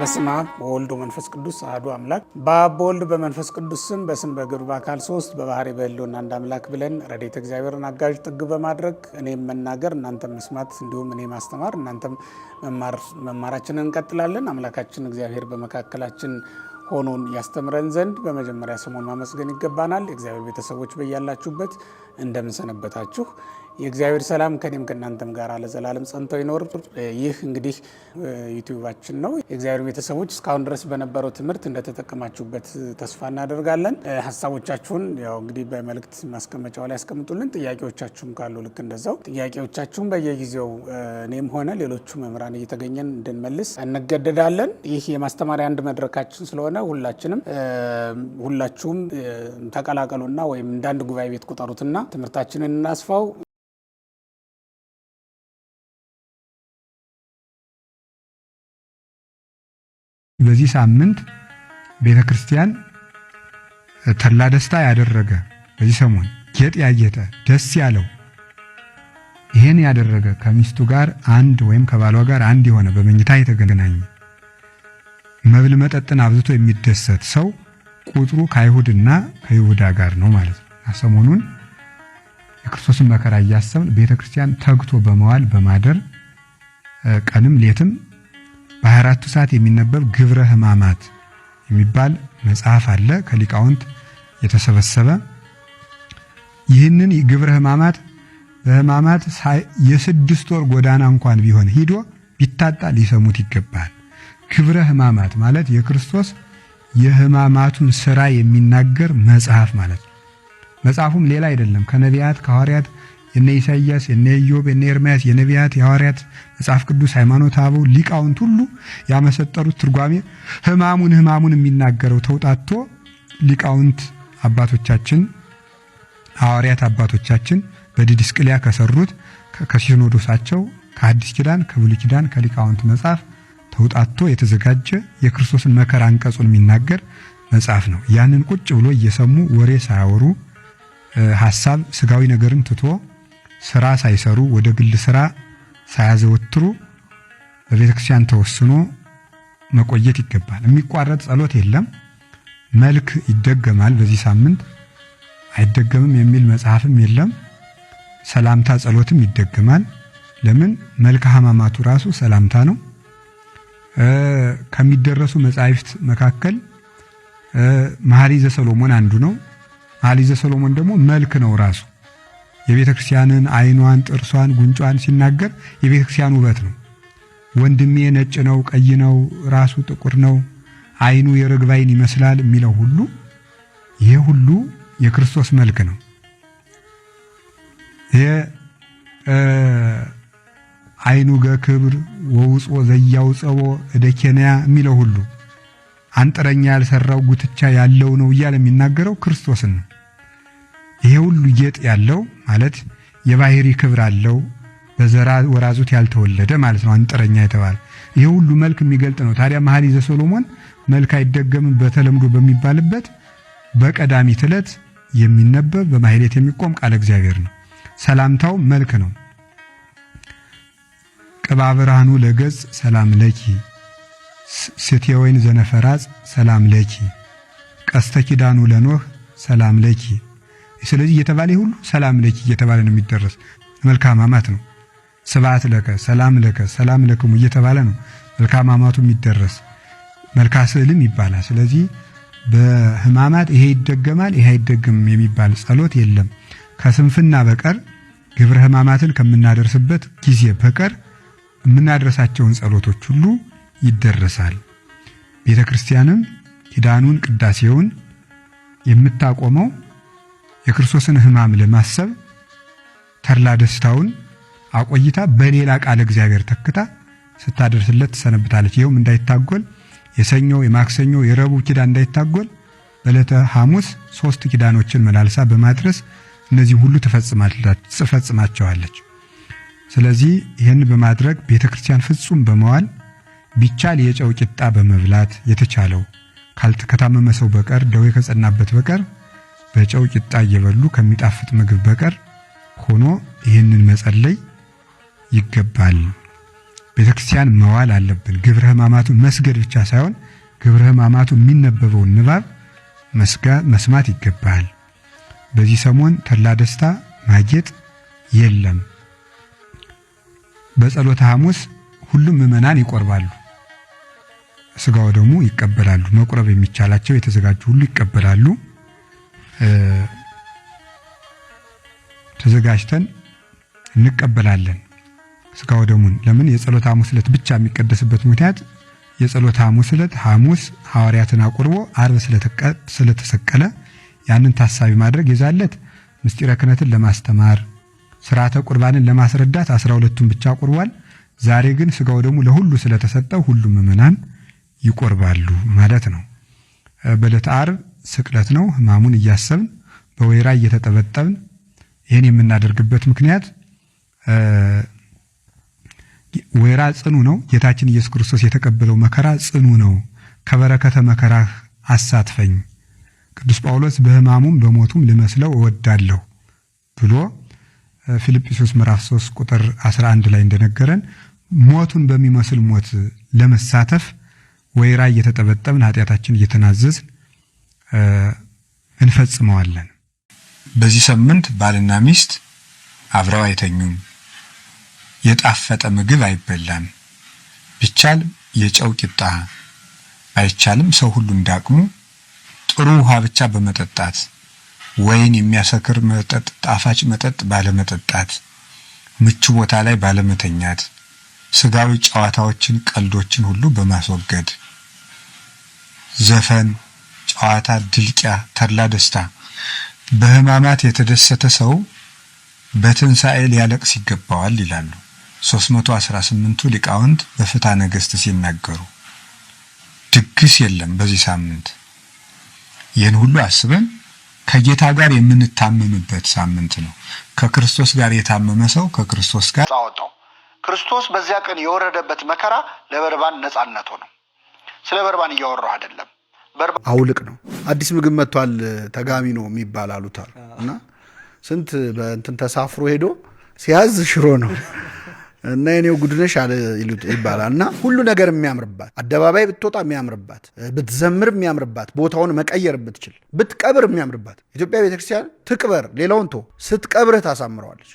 በስመ አብ ወወልድ ወመንፈስ ቅዱስ አሐዱ አምላክ በአብ በወልድ በመንፈስ ቅዱስ ስም በስም በግብር በአካል ሶስት በባህሪ በሕልውና አንድ አምላክ ብለን ረድኤተ እግዚአብሔርን አጋዥ ጥግ በማድረግ እኔም መናገር እናንተም መስማት እንዲሁም እኔ ማስተማር እናንተም መማራችንን እንቀጥላለን። አምላካችን እግዚአብሔር በመካከላችን ሆኖን ያስተምረን ዘንድ በመጀመሪያ ስሙን ማመስገን ይገባናል። የእግዚአብሔር ቤተሰቦች በያላችሁበት እንደምንሰነበታችሁ የእግዚአብሔር ሰላም ከኔም ከእናንተም ጋር ለዘላለም ጸንቶ ይኖር። ይህ እንግዲህ ዩቲዩባችን ነው። የእግዚአብሔር ቤተሰቦች እስካሁን ድረስ በነበረው ትምህርት እንደተጠቀማችሁበት ተስፋ እናደርጋለን። ሀሳቦቻችሁን ያው እንግዲህ በመልእክት ማስቀመጫው ላይ ያስቀምጡልን። ጥያቄዎቻችሁም ካሉ ልክ እንደዛው ጥያቄዎቻችሁም በየጊዜው እኔም ሆነ ሌሎቹ መምህራን እየተገኘን እንድንመልስ እንገደዳለን። ይህ የማስተማሪያ አንድ መድረካችን ስለሆነ ሁላችንም ሁላችሁም ተቀላቀሉና ወይም እንዳንድ ጉባኤ ቤት ቁጠሩትና ትምህርታችንን እናስፋው። በዚህ ሳምንት ቤተ ክርስቲያን ተላ ደስታ ያደረገ በዚህ ሰሞን ጌጥ ያጌጠ ደስ ያለው ይሄን ያደረገ ከሚስቱ ጋር አንድ ወይም ከባሏ ጋር አንድ የሆነ በመኝታ የተገናኘ መብል መጠጥን አብዝቶ የሚደሰት ሰው ቁጥሩ ከአይሁድና ከይሁዳ ጋር ነው ማለት ነው። ሰሞኑን የክርስቶስን መከራ እያሰብን ቤተ ክርስቲያን ተግቶ በመዋል በማደር ቀንም ሌትም በአራቱ ሰዓት የሚነበብ ግብረ ሕማማት የሚባል መጽሐፍ አለ ከሊቃውንት የተሰበሰበ። ይህንን ግብረ ሕማማት በሕማማት የስድስት ወር ጎዳና እንኳን ቢሆን ሂዶ ቢታጣ ሊሰሙት ይገባል። ግብረ ሕማማት ማለት የክርስቶስ የሕማማቱን ስራ የሚናገር መጽሐፍ ማለት ነው። መጽሐፉም ሌላ አይደለም ከነቢያት ከሐዋርያት የነ ኢሳይያስ፣ የነ ኢዮብ፣ የነ ኤርምያስ፣ የነቢያት፣ የሐዋርያት መጽሐፍ ቅዱስ ሃይማኖት አበው ሊቃውንት ሁሉ ያመሰጠሩት ትርጓሜ ህማሙን ህማሙን የሚናገረው ተውጣቶ ሊቃውንት አባቶቻችን ሐዋርያት አባቶቻችን በዲድስቅልያ ከሰሩት ከሲኖዶሳቸው ከአዲስ ኪዳን ከብሉይ ኪዳን ከሊቃውንት መጽሐፍ ተውጣቶ የተዘጋጀ የክርስቶስን መከራ አንቀጹን የሚናገር መጽሐፍ ነው። ያንን ቁጭ ብሎ እየሰሙ ወሬ ሳያወሩ ሐሳብ ስጋዊ ነገርን ትቶ ስራ ሳይሰሩ ወደ ግል ስራ ሳያዘወትሩ በቤተ ክርስቲያን ተወስኖ መቆየት ይገባል። የሚቋረጥ ጸሎት የለም። መልክ ይደገማል። በዚህ ሳምንት አይደገምም የሚል መጽሐፍም የለም። ሰላምታ ጸሎትም ይደገማል። ለምን? መልክ ሕማማቱ ራሱ ሰላምታ ነው። ከሚደረሱ መጻሕፍት መካከል መኃልየ ዘሰሎሞን አንዱ ነው። መኃልየ ዘሰሎሞን ደግሞ መልክ ነው ራሱ የቤተ ክርስቲያንን ዓይኗን፣ ጥርሷን፣ ጉንጯን ሲናገር የቤተ ክርስቲያን ውበት ነው። ወንድሜ ነጭ ነው፣ ቀይ ነው፣ ራሱ ጥቁር ነው፣ ዓይኑ የርግብ ዓይን ይመስላል የሚለው ሁሉ ይሄ ሁሉ የክርስቶስ መልክ ነው። ይሄ ዓይኑ ገክብር ወውፆ ዘያው ጸቦ እደኬንያ የሚለው ሁሉ አንጥረኛ ያልሰራው ጉትቻ ያለው ነው እያለ የሚናገረው ክርስቶስን ነው። ይሄ ሁሉ ጌጥ ያለው ማለት የባህሪ ክብር አለው። በዘራ ወራዙት ያልተወለደ ማለት ነው አንጥረኛ የተባለ ይሄ ሁሉ መልክ የሚገልጥ ነው። ታዲያ መኃልየ ሰሎሞን መልክ አይደገምም በተለምዶ በሚባልበት በቀዳሚት ዕለት የሚነበብ በማህሌት የሚቆም ቃለ እግዚአብሔር ነው። ሰላምታው መልክ ነው። ቅባ ብርሃኑ ለገጽ ሰላም ለኪ ስቴ ወይን ዘነፈራጽ ሰላም ለኪ ቀስተ ኪዳኑ ለኖህ ሰላም ለኪ ስለዚህ እየተባለ ሁሉ ሰላም ለኪ እየተባለ ነው የሚደረስ። መልካም አማት ነው። ስብዓት ለከ፣ ሰላም ለከ፣ ሰላም ለክሙ እየተባለ ነው መልካም አማቱ የሚደረስ። መልካ ስዕልም ይባላል። ስለዚህ በህማማት ይሄ ይደገማል፣ ይሄ አይደገምም የሚባል ጸሎት የለም ከስንፍና በቀር ግብረ ህማማትን ከምናደርስበት ጊዜ በቀር የምናደርሳቸውን ጸሎቶች ሁሉ ይደረሳል። ቤተ ክርስቲያንም ኪዳኑን ቅዳሴውን የምታቆመው የክርስቶስን ሕማም ለማሰብ ተድላ ደስታውን አቆይታ በሌላ ቃል እግዚአብሔር ተክታ ስታደርስለት ትሰነብታለች። ይኸውም እንዳይታጎል የሰኞ የማክሰኞ የረቡዕ ኪዳን እንዳይታጎል በዕለተ ሐሙስ ሶስት ኪዳኖችን መላልሳ በማድረስ እነዚህ ሁሉ ትፈጽማቸዋለች። ስለዚህ ይህን በማድረግ ቤተክርስቲያን ፍጹም በመዋል ቢቻል የጨው ቂጣ በመብላት የተቻለው ካልከታመመ ሰው በቀር ደዌ ከጸናበት በቀር በጨው ቂጣ እየበሉ ከሚጣፍጥ ምግብ በቀር ሆኖ ይህንን መጸለይ ይገባል። ቤተክርስቲያን መዋል አለብን። ግብረ ሕማማቱ መስገድ ብቻ ሳይሆን ግብረ ሕማማቱ የሚነበበውን ንባብ መስማት ይገባል። በዚህ ሰሞን ተላ ደስታ ማጌጥ የለም። በጸሎተ ሐሙስ ሁሉም ምዕመናን ይቆርባሉ። ስጋው ደግሞ ይቀበላሉ። መቁረብ የሚቻላቸው የተዘጋጁ ሁሉ ይቀበላሉ። ተዘጋጅተን እንቀበላለን ስጋው ደሙን። ለምን የጸሎት ሐሙስ ዕለት ብቻ የሚቀደስበት ምክንያት የጸሎት ሐሙስ ዕለት ሐሙስ ሐዋርያትን አቁርቦ ዓርብ ስለተሰቀለ ያንን ታሳቢ ማድረግ ይዛለት ምስጢረ ክህነትን ለማስተማር ስርዓተ ቁርባንን ለማስረዳት አስራ ሁለቱን ብቻ አቁርቧል። ዛሬ ግን ስጋው ደግሞ ለሁሉ ስለተሰጠው ሁሉም ምዕመናን ይቆርባሉ ማለት ነው። በዕለተ ዓርብ ስቅለት ነው። ህማሙን እያሰብን በወይራ እየተጠበጠብን ይህን የምናደርግበት ምክንያት ወይራ ጽኑ ነው። ጌታችን ኢየሱስ ክርስቶስ የተቀበለው መከራ ጽኑ ነው። ከበረከተ መከራህ አሳትፈኝ፣ ቅዱስ ጳውሎስ በህማሙም በሞቱም ልመስለው እወዳለሁ ብሎ ፊልጵስዩስ ምዕራፍ 3 ቁጥር 11 ላይ እንደነገረን ሞቱን በሚመስል ሞት ለመሳተፍ ወይራ እየተጠበጠብን ኃጢአታችን እየተናዘዝን እንፈጽመዋለን። በዚህ ሳምንት ባልና ሚስት አብረው አይተኙም። የጣፈጠ ምግብ አይበላም። ቢቻል የጨው ቂጣ፣ አይቻልም ሰው ሁሉ እንዳቅሙ ጥሩ ውሃ ብቻ በመጠጣት ወይን የሚያሰክር መጠጥ፣ ጣፋጭ መጠጥ ባለመጠጣት፣ ምቹ ቦታ ላይ ባለመተኛት፣ ስጋዊ ጨዋታዎችን፣ ቀልዶችን ሁሉ በማስወገድ ዘፈን ሐዋታ ድልቂያ፣ ተድላ ደስታ በህማማት የተደሰተ ሰው በትንሣኤ ሊያለቅስ ይገባዋል ይላሉ 318ቱ ሊቃውንት በፍትሐ ነገሥት ሲናገሩ። ድግስ የለም በዚህ ሳምንት። ይህን ሁሉ አስበን ከጌታ ጋር የምንታመምበት ሳምንት ነው። ከክርስቶስ ጋር የታመመ ሰው ከክርስቶስ ጋር አወጣው። ክርስቶስ በዚያ ቀን የወረደበት መከራ ለበርባን ነጻነቱ ነው። ስለ በርባን እያወራሁ አይደለም። አውልቅ ነው። አዲስ ምግብ መጥቷል ተጋሚ ነው የሚባል አሉታል እና ስንት በእንትን ተሳፍሮ ሄዶ ሲያዝ ሽሮ ነው እና የኔው ጉድነሽ አለ ይባላል እና ሁሉ ነገር የሚያምርባት አደባባይ ብትወጣ የሚያምርባት ብትዘምር የሚያምርባት ቦታውን መቀየር ብትችል ብትቀብር የሚያምርባት ኢትዮጵያ ቤተክርስቲያን ትቅበር ሌላውን ቶ ስትቀብርህ ታሳምረዋለች።